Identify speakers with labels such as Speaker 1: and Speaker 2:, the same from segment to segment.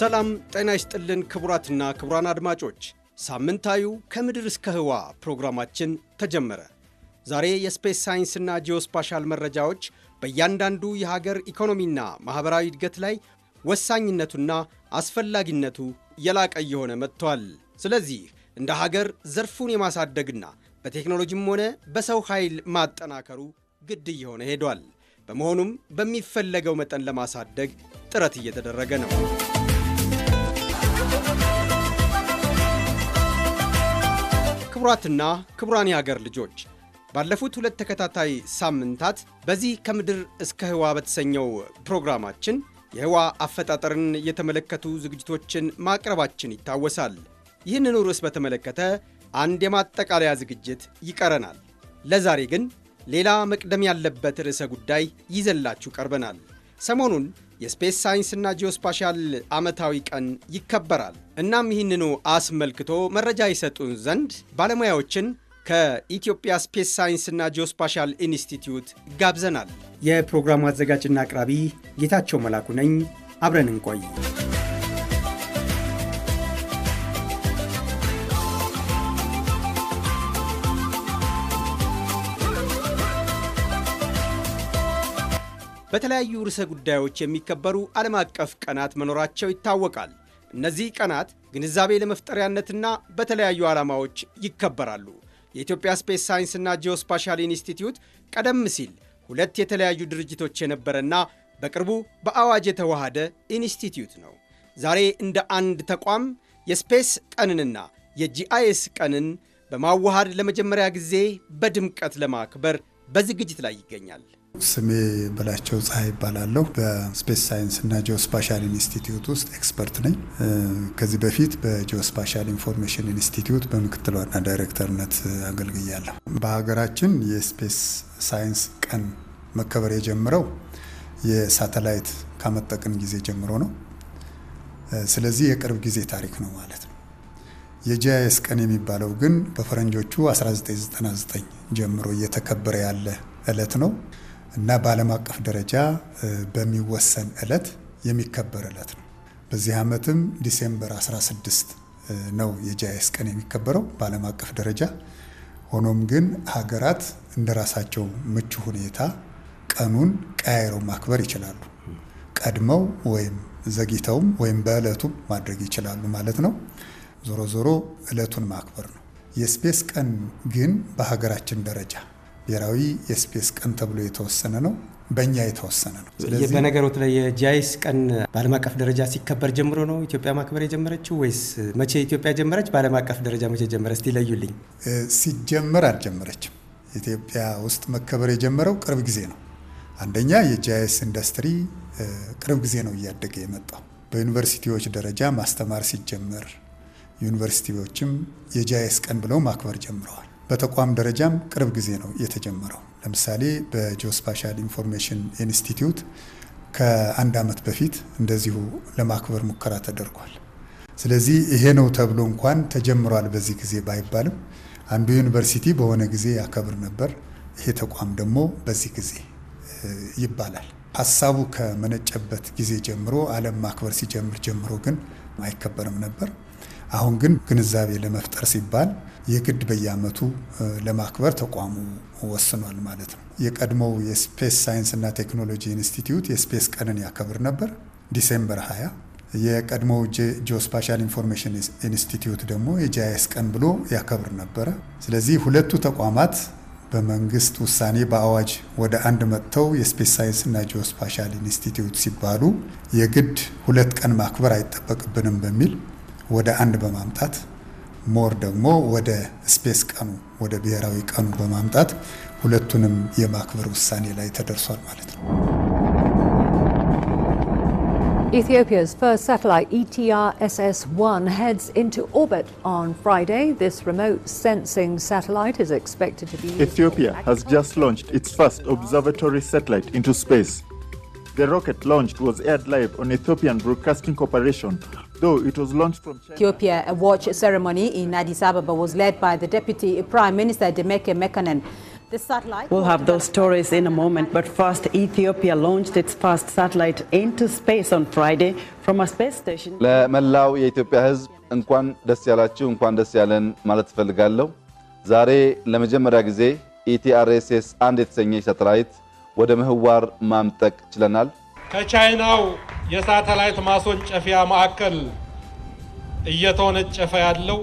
Speaker 1: ሰላም ጤና ይስጥልን ክቡራትና ክቡራን አድማጮች፣ ሳምንታዩ ከምድር እስከ ህዋ ፕሮግራማችን ተጀመረ። ዛሬ የስፔስ ሳይንስና ጂኦስፓሻል መረጃዎች በእያንዳንዱ የሀገር ኢኮኖሚና ማኅበራዊ እድገት ላይ ወሳኝነቱና አስፈላጊነቱ የላቀ እየሆነ መጥቷል። ስለዚህ እንደ ሀገር ዘርፉን የማሳደግና በቴክኖሎጂም ሆነ በሰው ኃይል ማጠናከሩ ግድ እየሆነ ሄዷል። በመሆኑም በሚፈለገው መጠን ለማሳደግ ጥረት እየተደረገ ነው። ክቡራትና ክቡራን የሀገር ልጆች ባለፉት ሁለት ተከታታይ ሳምንታት በዚህ ከምድር እስከ ህዋ በተሰኘው ፕሮግራማችን የህዋ አፈጣጠርን የተመለከቱ ዝግጅቶችን ማቅረባችን ይታወሳል። ይህንኑ ርዕስ በተመለከተ አንድ የማጠቃለያ ዝግጅት ይቀረናል። ለዛሬ ግን ሌላ መቅደም ያለበት ርዕሰ ጉዳይ ይዘላችሁ ቀርበናል። ሰሞኑን የስፔስ ሳይንስና ጂኦስፓሻል ዓመታዊ ቀን ይከበራል። እናም ይህንኑ አስመልክቶ መረጃ ይሰጡን ዘንድ ባለሙያዎችን ከኢትዮጵያ ስፔስ ሳይንስና ጂኦስፓሻል ኢንስቲትዩት ጋብዘናል። የፕሮግራሙ አዘጋጅና አቅራቢ ጌታቸው መላኩ ነኝ። አብረን እንቆይ። በተለያዩ ርዕሰ ጉዳዮች የሚከበሩ ዓለም አቀፍ ቀናት መኖራቸው ይታወቃል። እነዚህ ቀናት ግንዛቤ ለመፍጠሪያነትና በተለያዩ ዓላማዎች ይከበራሉ። የኢትዮጵያ ስፔስ ሳይንስና ጂኦስፓሻል ኢንስቲትዩት ቀደም ሲል ሁለት የተለያዩ ድርጅቶች የነበረና በቅርቡ በአዋጅ የተዋሃደ ኢንስቲትዩት ነው። ዛሬ እንደ አንድ ተቋም የስፔስ ቀንንና የጂአይኤስ ቀንን በማዋሃድ ለመጀመሪያ ጊዜ በድምቀት ለማክበር በዝግጅት ላይ ይገኛል።
Speaker 2: ስሜ በላቸው ፀሐይ ይባላለሁ። በስፔስ ሳይንስ እና ጂኦስፓሻል ኢንስቲትዩት ውስጥ ኤክስፐርት ነኝ። ከዚህ በፊት በጂኦስፓሻል ኢንፎርሜሽን ኢንስቲትዩት በምክትል ዋና ዳይሬክተርነት አገልግያለሁ። በሀገራችን የስፔስ ሳይንስ ቀን መከበር የጀመረው የሳተላይት ካመጠቅን ጊዜ ጀምሮ ነው። ስለዚህ የቅርብ ጊዜ ታሪክ ነው ማለት ነው። የጂአይኤስ ቀን የሚባለው ግን በፈረንጆቹ 1999 ጀምሮ እየተከበረ ያለ እለት ነው። እና በዓለም አቀፍ ደረጃ በሚወሰን ዕለት የሚከበር ዕለት ነው። በዚህ ዓመትም ዲሴምበር 16 ነው የጃይስ ቀን የሚከበረው በዓለም አቀፍ ደረጃ። ሆኖም ግን ሀገራት እንደራሳቸው ምቹ ሁኔታ ቀኑን ቀያይረው ማክበር ይችላሉ። ቀድመው ወይም ዘግይተውም ወይም በዕለቱም ማድረግ ይችላሉ ማለት ነው። ዞሮ ዞሮ ዕለቱን ማክበር ነው። የስፔስ ቀን ግን በሀገራችን ደረጃ ብሔራዊ የስፔስ ቀን ተብሎ የተወሰነ ነው። በእኛ የተወሰነ ነው። ስለዚህ
Speaker 1: በነገሮት ላይ የጃይስ ቀን በዓለም አቀፍ ደረጃ ሲከበር ጀምሮ ነው ኢትዮጵያ ማክበር የጀመረችው
Speaker 2: ወይስ መቼ ኢትዮጵያ ጀመረች? በዓለም አቀፍ ደረጃ መቼ ጀመረ? እስቲ ለዩልኝ። ሲጀመር አልጀመረችም። ኢትዮጵያ ውስጥ መከበር የጀመረው ቅርብ ጊዜ ነው። አንደኛ የጃይስ ኢንዱስትሪ ቅርብ ጊዜ ነው እያደገ የመጣው። በዩኒቨርሲቲዎች ደረጃ ማስተማር ሲጀመር ዩኒቨርሲቲዎችም የጃይስ ቀን ብለው ማክበር ጀምረዋል። በተቋም ደረጃም ቅርብ ጊዜ ነው የተጀመረው። ለምሳሌ በጂኦስፓሻል ኢንፎርሜሽን ኢንስቲትዩት ከአንድ ዓመት በፊት እንደዚሁ ለማክበር ሙከራ ተደርጓል። ስለዚህ ይሄ ነው ተብሎ እንኳን ተጀምሯል በዚህ ጊዜ ባይባልም አንዱ ዩኒቨርሲቲ በሆነ ጊዜ ያከብር ነበር፣ ይሄ ተቋም ደግሞ በዚህ ጊዜ ይባላል። ሀሳቡ ከመነጨበት ጊዜ ጀምሮ ዓለም ማክበር ሲጀምር ጀምሮ ግን አይከበርም ነበር። አሁን ግን ግንዛቤ ለመፍጠር ሲባል የግድ በየዓመቱ ለማክበር ተቋሙ ወስኗል ማለት ነው። የቀድሞው የስፔስ ሳይንስና ቴክኖሎጂ ኢንስቲትዩት የስፔስ ቀንን ያከብር ነበር ዲሴምበር 20 የቀድሞው ጂኦስፓሻል ኢንፎርሜሽን ኢንስቲትዩት ደግሞ የጂአይኤስ ቀን ብሎ ያከብር ነበረ። ስለዚህ ሁለቱ ተቋማት በመንግስት ውሳኔ በአዋጅ ወደ አንድ መጥተው የስፔስ ሳይንስና ጂኦስፓሻል ኢንስቲትዩት ሲባሉ የግድ ሁለት ቀን ማክበር አይጠበቅብንም በሚል ወደ አንድ በማምጣት ሞር ደግሞ ወደ ስፔስ ቀኑ ወደ ብሔራዊ ቀኑ በማምጣት ሁለቱንም የማክበር ውሳኔ ላይ ተደርሷል ማለት ነው። Ethiopia's first satellite ETR SS 1 heads into orbit on Friday. This remote sensing satellite is expected to be. Ethiopia has just launched its first observatory satellite into space. The rocket launched was aired live on Ethiopian Broadcasting Corporation though it was launched from
Speaker 1: China. Ethiopia a watch ceremony in Addis Ababa was led by the Deputy Prime Minister Demeke Mekanen. The satellite we'll have those stories in a moment, but first, Ethiopia launched
Speaker 3: its first satellite into space on Friday from a space station.
Speaker 2: ለመላው የኢትዮጵያ ሕዝብ እንኳን ደስ ያላችሁ እንኳን ደስ ያለን ማለት እፈልጋለሁ። ዛሬ ለመጀመሪያ ጊዜ ኢቲአርኤስኤስ አንድ የተሰኘ ሳተላይት ወደ ምህዋር ማምጠቅ ችለናል።
Speaker 1: ከቻይናው የሳተላይት ማስወንጨፊያ ማዕከል እየተወነጨፈ ያለው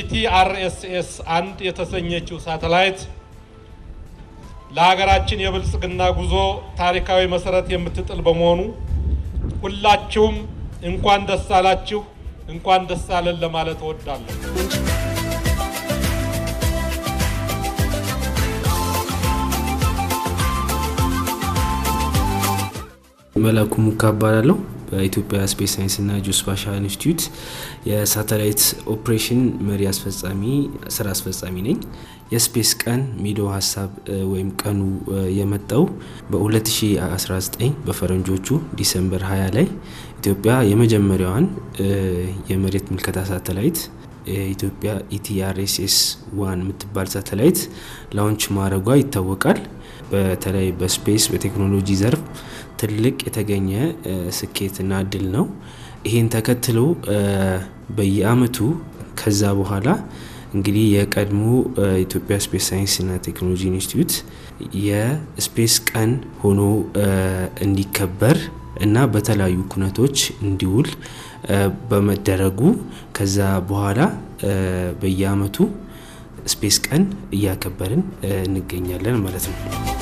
Speaker 1: ኢቲአርኤስኤስ አንድ የተሰኘችው ሳተላይት ለሀገራችን የብልጽግና ጉዞ ታሪካዊ መሰረት የምትጥል በመሆኑ ሁላችሁም እንኳን ደስ አላችሁ፣ እንኳን ደስ አለን ለማለት እወዳለሁ።
Speaker 3: መላኩ ሙካ እባላለሁ። በኢትዮጵያ ስፔስ ሳይንስና ጂኦስፓሻል ኢንስቲትዩት የሳተላይት ኦፕሬሽን መሪ አስፈጻሚ ስራ አስፈጻሚ ነኝ። የስፔስ ቀን ሚዲያው ሀሳብ ወይም ቀኑ የመጣው በ2019 በፈረንጆቹ ዲሰምበር 20 ላይ ኢትዮጵያ የመጀመሪያዋን የመሬት ምልከታ ሳተላይት የኢትዮጵያ ኢቲአርኤስኤስ ዋን የምትባል ሳተላይት ላውንች ማድረጓ ይታወቃል። በተለይ በስፔስ በቴክኖሎጂ ዘርፍ ትልቅ የተገኘ ስኬትና እድል ነው። ይህን ተከትሎ በየአመቱ ከዛ በኋላ እንግዲህ የቀድሞ ኢትዮጵያ ስፔስ ሳይንስና ቴክኖሎጂ ኢንስቲትዩት የስፔስ ቀን ሆኖ እንዲከበር እና በተለያዩ ኩነቶች እንዲውል በመደረጉ ከዛ በኋላ በየአመቱ ስፔስ ቀን እያከበርን እንገኛለን ማለት ነው።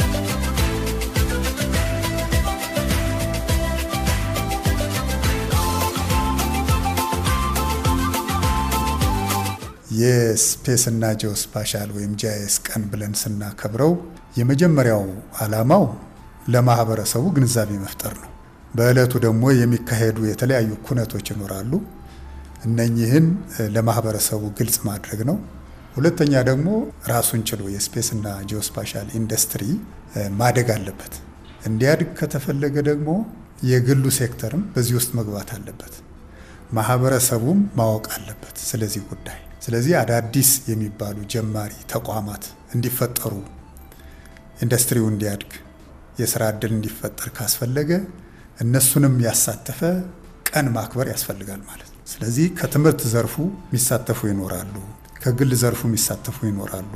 Speaker 2: የስፔስና ጂኦስፓሻል ወይም ጂአይኤስ ቀን ብለን ስናከብረው የመጀመሪያው ዓላማው ለማህበረሰቡ ግንዛቤ መፍጠር ነው። በዕለቱ ደግሞ የሚካሄዱ የተለያዩ ኩነቶች ይኖራሉ። እነኚህን ለማህበረሰቡ ግልጽ ማድረግ ነው። ሁለተኛ ደግሞ ራሱን ችሎ የስፔስና ጂኦስፓሻል ኢንዱስትሪ ማደግ አለበት። እንዲያድግ ከተፈለገ ደግሞ የግሉ ሴክተርም በዚህ ውስጥ መግባት አለበት። ማህበረሰቡም ማወቅ አለበት ስለዚህ ጉዳይ ስለዚህ አዳዲስ የሚባሉ ጀማሪ ተቋማት እንዲፈጠሩ ኢንዱስትሪው እንዲያድግ የስራ እድል እንዲፈጠር ካስፈለገ እነሱንም ያሳተፈ ቀን ማክበር ያስፈልጋል ማለት ነው። ስለዚህ ከትምህርት ዘርፉ የሚሳተፉ ይኖራሉ፣ ከግል ዘርፉ የሚሳተፉ ይኖራሉ፣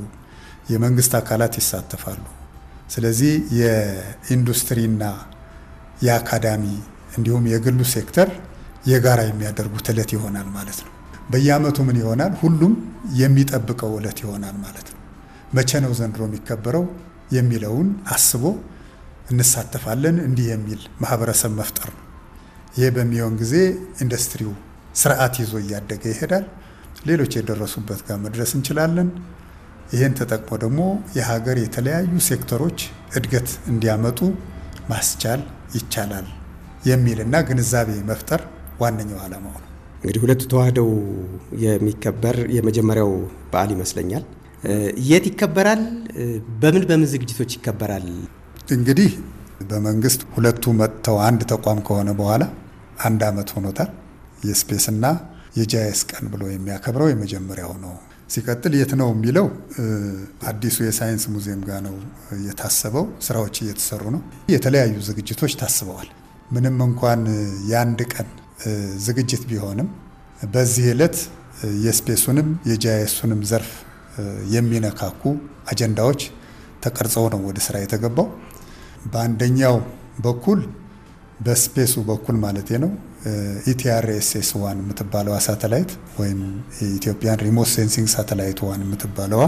Speaker 2: የመንግስት አካላት ይሳተፋሉ። ስለዚህ የኢንዱስትሪና የአካዳሚ እንዲሁም የግሉ ሴክተር የጋራ የሚያደርጉት ዕለት ይሆናል ማለት ነው። በየአመቱ ምን ይሆናል? ሁሉም የሚጠብቀው እለት ይሆናል ማለት ነው። መቼ ነው ዘንድሮ የሚከበረው የሚለውን አስቦ እንሳተፋለን እንዲህ የሚል ማህበረሰብ መፍጠር ነው። ይሄ በሚሆን ጊዜ ኢንዱስትሪው ስርዓት ይዞ እያደገ ይሄዳል። ሌሎች የደረሱበት ጋር መድረስ እንችላለን። ይህን ተጠቅሞ ደግሞ የሀገር የተለያዩ ሴክተሮች እድገት እንዲያመጡ ማስቻል ይቻላል የሚልና ግንዛቤ መፍጠር ዋነኛው ዓላማው ነው። እንግዲህ ሁለቱ
Speaker 1: ተዋህደው የሚከበር የመጀመሪያው በዓል ይመስለኛል። የት ይከበራል?
Speaker 2: በምን በምን ዝግጅቶች ይከበራል? እንግዲህ በመንግስት ሁለቱ መጥተው አንድ ተቋም ከሆነ በኋላ አንድ ዓመት ሆኖታል። የስፔስና የጃይስ ቀን ብሎ የሚያከብረው የመጀመሪያው ነው። ሲቀጥል የት ነው የሚለው አዲሱ የሳይንስ ሙዚየም ጋር ነው የታሰበው። ስራዎች እየተሰሩ ነው። የተለያዩ ዝግጅቶች ታስበዋል። ምንም እንኳን የአንድ ቀን ዝግጅት ቢሆንም በዚህ ዕለት የስፔሱንም የጃይሱንም ዘርፍ የሚነካኩ አጀንዳዎች ተቀርጸው ነው ወደ ስራ የተገባው። በአንደኛው በኩል በስፔሱ በኩል ማለት ነው ኢቲአርኤስኤስ ዋን የምትባለዋ ሳተላይት ወይም ኢትዮጵያን ሪሞት ሴንሲንግ ሳተላይት ዋን የምትባለዋ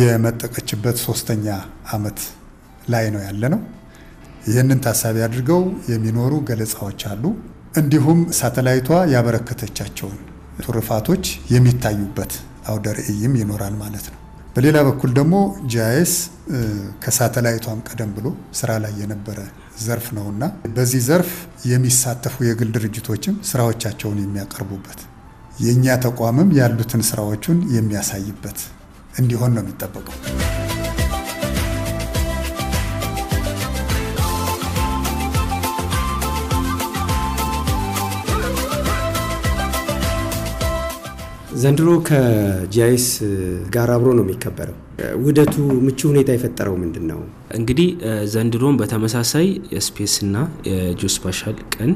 Speaker 2: የመጠቀችበት ሶስተኛ አመት ላይ ነው ያለ ነው። ይህንን ታሳቢ አድርገው የሚኖሩ ገለጻዎች አሉ። እንዲሁም ሳተላይቷ ያበረከተቻቸውን ቱርፋቶች የሚታዩበት አውደ ርዕይም ይኖራል ማለት ነው። በሌላ በኩል ደግሞ ጂአይኤስ ከሳተላይቷም ቀደም ብሎ ስራ ላይ የነበረ ዘርፍ ነውና በዚህ ዘርፍ የሚሳተፉ የግል ድርጅቶችም ስራዎቻቸውን የሚያቀርቡበት የእኛ ተቋምም ያሉትን ስራዎቹን የሚያሳይበት እንዲሆን ነው የሚጠበቀው።
Speaker 1: ዘንድሮ ከጂአይኤስ ጋር አብሮ ነው የሚከበረው። ውህደቱ ምቹ ሁኔታ የፈጠረው ምንድን ነው?
Speaker 3: እንግዲህ ዘንድሮም በተመሳሳይ የስፔስና የጂኦስፓሻል ቀን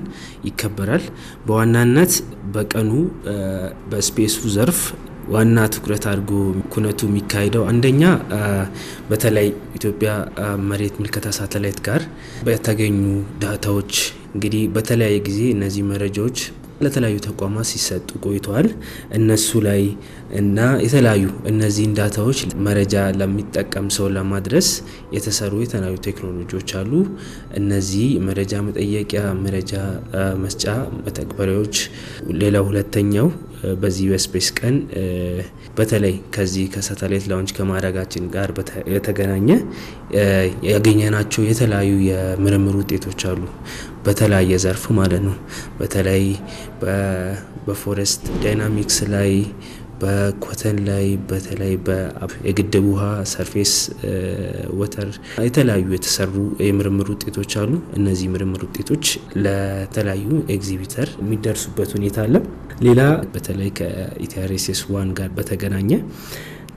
Speaker 3: ይከበራል። በዋናነት በቀኑ በስፔሱ ዘርፍ ዋና ትኩረት አድርጎ ኩነቱ የሚካሄደው አንደኛ በተለይ ኢትዮጵያ መሬት ምልከታ ሳተላይት ጋር በተገኙ ዳታዎች እንግዲህ በተለያየ ጊዜ እነዚህ መረጃዎች ለተለያዩ ተቋማት ሲሰጡ ቆይተዋል። እነሱ ላይ እና የተለያዩ እነዚህን ዳታዎች መረጃ ለሚጠቀም ሰው ለማድረስ የተሰሩ የተለያዩ ቴክኖሎጂዎች አሉ። እነዚህ መረጃ መጠየቂያ፣ መረጃ መስጫ መተግበሪያዎች ሌላው ሁለተኛው በዚህ ዩኤስፔስ ቀን በተለይ ከዚህ ከሳተላይት ላውንች ከማድረጋችን ጋር የተገናኘ ያገኘናቸው የተለያዩ የምርምር ውጤቶች አሉ። በተለያየ ዘርፍ ማለት ነው። በተለይ በፎረስት ዳይናሚክስ ላይ በኮተን ላይ በተለይ የግድብ ውሃ ሰርፌስ ወተር የተለያዩ የተሰሩ የምርምር ውጤቶች አሉ። እነዚህ ምርምር ውጤቶች ለተለያዩ ኤግዚቢተር የሚደርሱበት ሁኔታ አለ። ሌላ በተለይ ከኢቲአርኤስኤስ ዋን ጋር በተገናኘ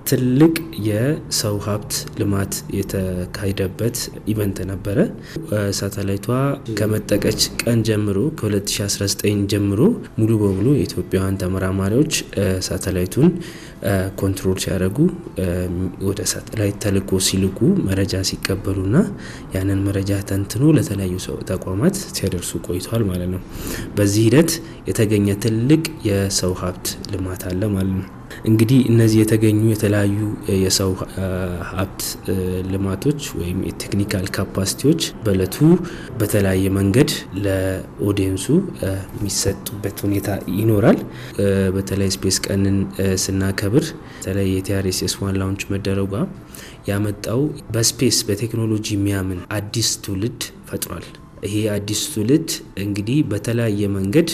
Speaker 3: ትልቅ የሰው ሀብት ልማት የተካሄደበት ኢቨንት ነበረ። ሳተላይቷ ከመጠቀች ቀን ጀምሮ ከ2019 ጀምሮ ሙሉ በሙሉ የኢትዮጵያውያን ተመራማሪዎች ሳተላይቱን ኮንትሮል ሲያደርጉ ወደ ሳተላይት ተልኮ ሲልኩ መረጃ ሲቀበሉና ያንን መረጃ ተንትኖ ለተለያዩ ሰው ተቋማት ሲያደርሱ ቆይተዋል ማለት ነው። በዚህ ሂደት የተገኘ ትልቅ የሰው ሀብት ልማት አለ ማለት ነው። እንግዲህ እነዚህ የተገኙ የተለያዩ የሰው ሀብት ልማቶች ወይም የቴክኒካል ካፓሲቲዎች በእለቱ በተለያየ መንገድ ለኦዲየንሱ የሚሰጡበት ሁኔታ ይኖራል። በተለይ ስፔስ ቀንን ስናከብር በተለይ የቲአርኤስኤስ ዋን ላውንች መደረጓ ያመጣው በስፔስ በቴክኖሎጂ የሚያምን አዲስ ትውልድ ፈጥሯል። ይሄ አዲስ ትውልድ እንግዲህ በተለያየ መንገድ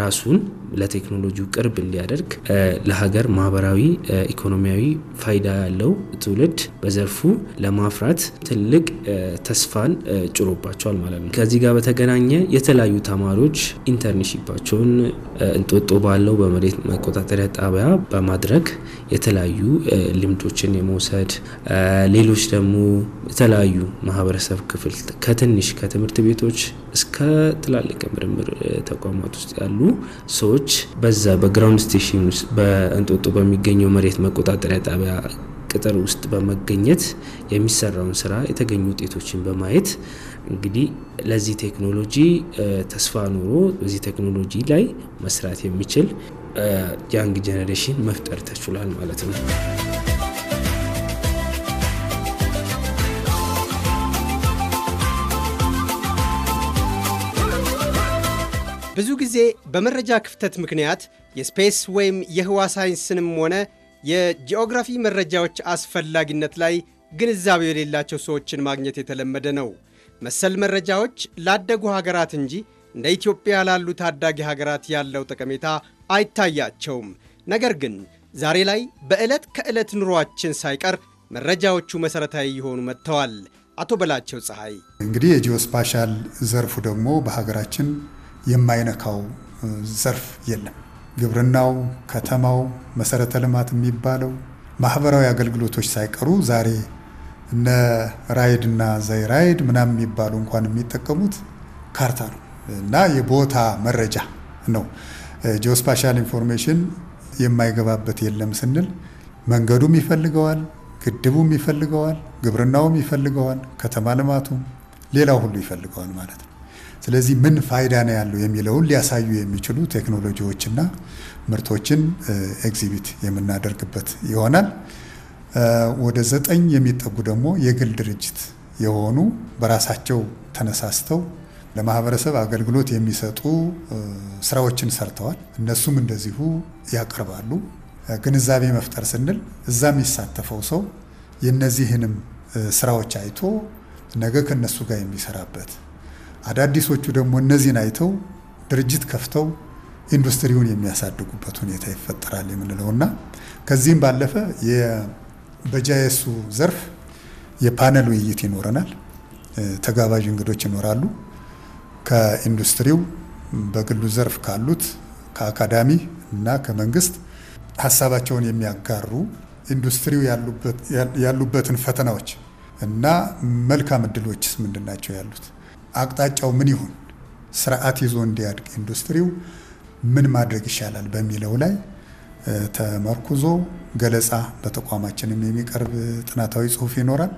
Speaker 3: ራሱን ለቴክኖሎጂው ቅርብ እንዲያደርግ ለሀገር ማህበራዊ፣ ኢኮኖሚያዊ ፋይዳ ያለው ትውልድ በዘርፉ ለማፍራት ትልቅ ተስፋን ጭሮባቸዋል ማለት ነው። ከዚህ ጋር በተገናኘ የተለያዩ ተማሪዎች ኢንተርንሺፓቸውን እንጦጦ ባለው በመሬት መቆጣጠሪያ ጣቢያ በማድረግ የተለያዩ ልምዶችን የመውሰድ ሌሎች ደግሞ የተለያዩ ማህበረሰብ ክፍል ከትንሽ ከትምህርት ቤቶች እስከ ትላልቅ ምርምር ተቋማት ውስጥ ያሉ ሰዎች ኃይሎች በዛ በግራውንድ ስቴሽን ውስጥ በእንጦጦ በሚገኘው መሬት መቆጣጠሪያ ጣቢያ ቅጥር ውስጥ በመገኘት የሚሰራውን ስራ የተገኙ ውጤቶችን በማየት እንግዲህ ለዚህ ቴክኖሎጂ ተስፋ ኖሮ በዚህ ቴክኖሎጂ ላይ መስራት የሚችል ያንግ ጀኔሬሽን መፍጠር ተችሏል ማለት ነው።
Speaker 1: ብዙ ጊዜ በመረጃ ክፍተት ምክንያት የስፔስ ወይም የህዋ ሳይንስንም ሆነ የጂኦግራፊ መረጃዎች አስፈላጊነት ላይ ግንዛቤ የሌላቸው ሰዎችን ማግኘት የተለመደ ነው። መሰል መረጃዎች ላደጉ ሀገራት እንጂ እንደ ኢትዮጵያ ላሉ ታዳጊ ሀገራት ያለው ጠቀሜታ አይታያቸውም። ነገር ግን ዛሬ ላይ በዕለት ከዕለት ኑሯችን ሳይቀር መረጃዎቹ መሠረታዊ የሆኑ መጥተዋል። አቶ በላቸው ፀሐይ
Speaker 2: እንግዲህ የጂኦስፓሻል ዘርፉ ደግሞ በሀገራችን የማይነካው ዘርፍ የለም። ግብርናው፣ ከተማው፣ መሰረተ ልማት የሚባለው ማህበራዊ አገልግሎቶች ሳይቀሩ ዛሬ እነ ራይድ እና ዘይ ራይድ ምናምን የሚባሉ እንኳን የሚጠቀሙት ካርታ ነው እና የቦታ መረጃ ነው። ጂኦስፓሻል ኢንፎርሜሽን የማይገባበት የለም ስንል መንገዱም ይፈልገዋል፣ ግድቡም ይፈልገዋል፣ ግብርናውም ይፈልገዋል፣ ከተማ ልማቱም ሌላው ሁሉ ይፈልገዋል ማለት ነው። ስለዚህ ምን ፋይዳ ነው ያለው የሚለውን ሊያሳዩ የሚችሉ ቴክኖሎጂዎችና ምርቶችን ኤግዚቢት የምናደርግበት ይሆናል። ወደ ዘጠኝ የሚጠጉ ደግሞ የግል ድርጅት የሆኑ በራሳቸው ተነሳስተው ለማህበረሰብ አገልግሎት የሚሰጡ ስራዎችን ሰርተዋል። እነሱም እንደዚሁ ያቀርባሉ። ግንዛቤ መፍጠር ስንል እዛ የሚሳተፈው ሰው የእነዚህንም ስራዎች አይቶ ነገ ከነሱ ጋር የሚሰራበት አዳዲሶቹ ደግሞ እነዚህን አይተው ድርጅት ከፍተው ኢንዱስትሪውን የሚያሳድጉበት ሁኔታ ይፈጠራል የምንለው እና ከዚህም ባለፈ በጃየሱ ዘርፍ የፓነል ውይይት ይኖረናል። ተጋባዥ እንግዶች ይኖራሉ። ከኢንዱስትሪው በግሉ ዘርፍ ካሉት ከአካዳሚ እና ከመንግስት ሀሳባቸውን የሚያጋሩ ኢንዱስትሪው ያሉበትን ፈተናዎች እና መልካም እድሎችስ ምንድን ናቸው ያሉት አቅጣጫው ምን ይሁን፣ ስርዓት ይዞ እንዲያድግ ኢንዱስትሪው ምን ማድረግ ይሻላል በሚለው ላይ ተመርኩዞ ገለጻ በተቋማችንም የሚቀርብ ጥናታዊ ጽሁፍ ይኖራል።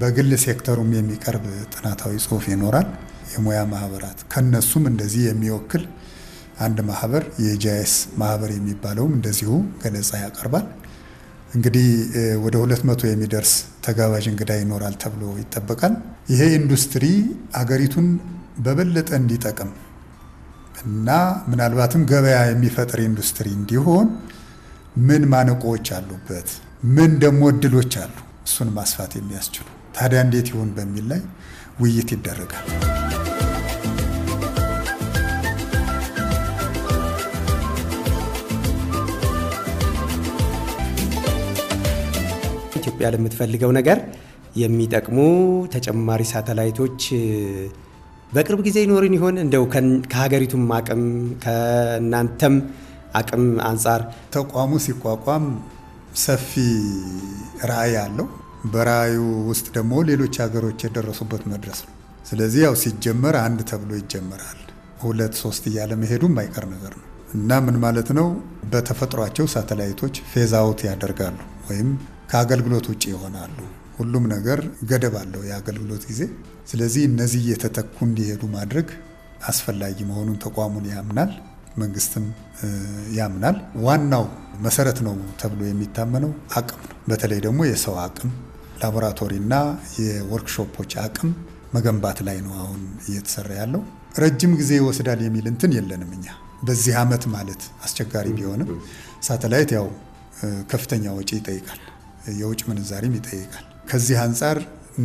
Speaker 2: በግል ሴክተሩም የሚቀርብ ጥናታዊ ጽሁፍ ይኖራል። የሙያ ማህበራት ከነሱም እንደዚህ የሚወክል አንድ ማህበር የጂአይኤስ ማህበር የሚባለውም እንደዚሁ ገለጻ ያቀርባል። እንግዲህ ወደ ሁለት መቶ የሚደርስ ተጋባዥ እንግዳ ይኖራል ተብሎ ይጠበቃል። ይሄ ኢንዱስትሪ አገሪቱን በበለጠ እንዲጠቅም እና ምናልባትም ገበያ የሚፈጥር ኢንዱስትሪ እንዲሆን ምን ማነቆዎች አሉበት፣ ምን ደግሞ እድሎች አሉ፣ እሱን ማስፋት የሚያስችሉ ታዲያ እንዴት ይሆን በሚል ላይ ውይይት ይደረጋል።
Speaker 1: ኢትዮጵያ ለምትፈልገው ነገር የሚጠቅሙ ተጨማሪ ሳተላይቶች በቅርብ ጊዜ ይኖርን ይሆን? እንደው ከሀገሪቱም አቅም ከእናንተም
Speaker 2: አቅም አንጻር ተቋሙ ሲቋቋም ሰፊ ራዕይ አለው። በራዕዩ ውስጥ ደግሞ ሌሎች ሀገሮች የደረሱበት መድረስ ነው። ስለዚህ ያው ሲጀመር አንድ ተብሎ ይጀመራል። ሁለት ሶስት እያለ መሄዱ አይቀር ነገር ነው እና ምን ማለት ነው? በተፈጥሯቸው ሳተላይቶች ፌዛውት ያደርጋሉ ወይም ከአገልግሎት ውጭ ይሆናሉ። ሁሉም ነገር ገደብ አለው የአገልግሎት ጊዜ። ስለዚህ እነዚህ እየተተኩ እንዲሄዱ ማድረግ አስፈላጊ መሆኑን ተቋሙን ያምናል፣ መንግስትም ያምናል። ዋናው መሰረት ነው ተብሎ የሚታመነው አቅም ነው። በተለይ ደግሞ የሰው አቅም ላቦራቶሪና የወርክሾፖች አቅም መገንባት ላይ ነው አሁን እየተሰራ ያለው። ረጅም ጊዜ ይወስዳል የሚል እንትን የለንም እኛ በዚህ አመት ማለት አስቸጋሪ ቢሆንም ሳተላይት ያው ከፍተኛ ወጪ ይጠይቃል። የውጭ ምንዛሪም ይጠይቃል። ከዚህ አንጻር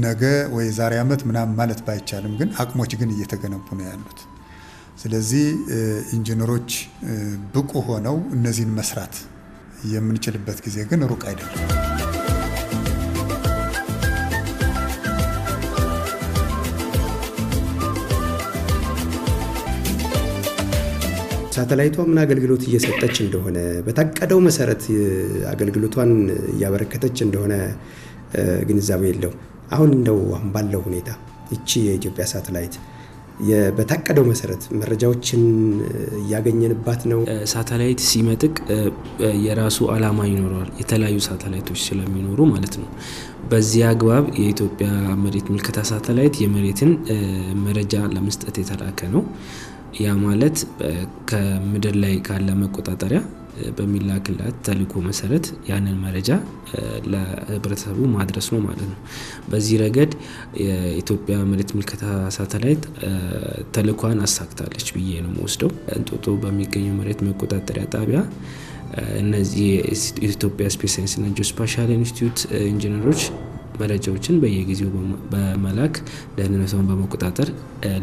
Speaker 2: ነገ ወይ ዛሬ ዓመት ምናምን ማለት ባይቻልም ግን አቅሞች ግን እየተገነቡ ነው ያሉት። ስለዚህ ኢንጂነሮች ብቁ ሆነው እነዚህን መስራት የምንችልበት ጊዜ ግን ሩቅ አይደለም።
Speaker 1: ሳተላይቷ ምን አገልግሎት እየሰጠች እንደሆነ በታቀደው መሰረት አገልግሎቷን እያበረከተች እንደሆነ ግንዛቤ የለው። አሁን እንደው አሁን ባለው ሁኔታ ይቺ የኢትዮጵያ ሳተላይት በታቀደው መሰረት መረጃዎችን እያገኘንባት ነው። ሳተላይት
Speaker 3: ሲመጥቅ የራሱ አላማ ይኖረዋል፣ የተለያዩ ሳተላይቶች ስለሚኖሩ ማለት ነው። በዚህ አግባብ የኢትዮጵያ መሬት ምልከታ ሳተላይት የመሬትን መረጃ ለመስጠት የተላከ ነው። ያ ማለት ከምድር ላይ ካለ መቆጣጠሪያ በሚላክላት ተልእኮ መሰረት ያንን መረጃ ለህብረተሰቡ ማድረስ ነው ማለት ነው። በዚህ ረገድ የኢትዮጵያ መሬት ምልከታ ሳተላይት ተልኳን አሳክታለች ብዬ ነው መወስደው። እንጦጦ በሚገኘው መሬት መቆጣጠሪያ ጣቢያ እነዚህ የኢትዮጵያ ስፔስ ሳይንስና ጂኦስፓሻል ኢንስቲትዩት ኢንጂነሮች መረጃዎችን በየጊዜው በመላክ ደህንነቱን በመቆጣጠር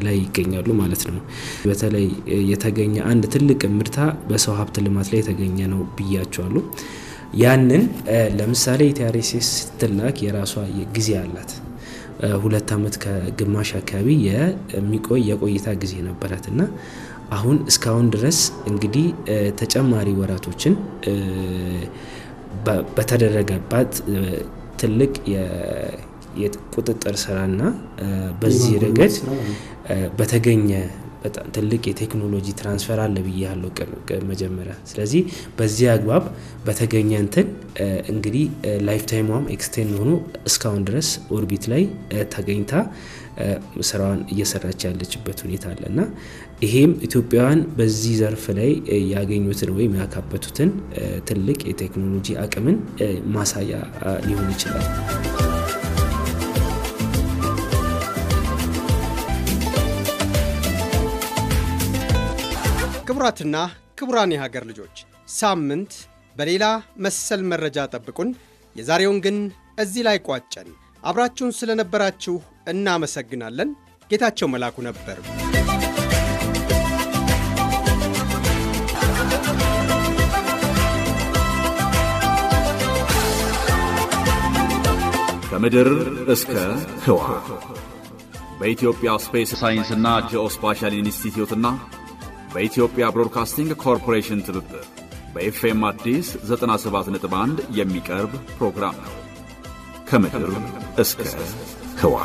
Speaker 3: ላይ ይገኛሉ ማለት ነው። በተለይ የተገኘ አንድ ትልቅ ምርታ በሰው ሀብት ልማት ላይ የተገኘ ነው ብያቸዋሉ። ያንን ለምሳሌ የቲአርኤስኤስ ስትላክ የራሷ ጊዜ አላት። ሁለት ዓመት ከግማሽ አካባቢ የሚቆይ የቆይታ ጊዜ ነበራት እና አሁን እስካሁን ድረስ እንግዲህ ተጨማሪ ወራቶችን በተደረገባት ትልቅ የቁጥጥር ስራና በዚህ ረገድ በተገኘ በጣም ትልቅ የቴክኖሎጂ ትራንስፈር አለ ብዬ ያለው መጀመሪያ። ስለዚህ በዚህ አግባብ በተገኘ እንትን እንግዲህ ላይፍ ታይሟም ኤክስቴንድ ሆኖ እስካሁን ድረስ ኦርቢት ላይ ተገኝታ ስራዋን እየሰራች ያለችበት ሁኔታ አለ እና ይሄም ኢትዮጵያውያን በዚህ ዘርፍ ላይ ያገኙትን ወይም ያካበቱትን ትልቅ የቴክኖሎጂ አቅምን ማሳያ ሊሆን ይችላል።
Speaker 1: ክቡራትና ክቡራን የሀገር ልጆች ሳምንት በሌላ መሰል መረጃ ጠብቁን። የዛሬውን ግን እዚህ ላይ ቋጨን። አብራችሁን ስለነበራችሁ እናመሰግናለን። ጌታቸው መላኩ ነበር።
Speaker 2: ከምድር እስከ ህዋ በኢትዮጵያ ስፔስ ሳይንስና ጂኦስፓሻል ኢንስቲትዩትና በኢትዮጵያ ብሮድካስቲንግ ኮርፖሬሽን ትብብር በኤፍኤም አዲስ 97.1 የሚቀርብ ፕሮግራም ነው። ከምድር እስከ ህዋ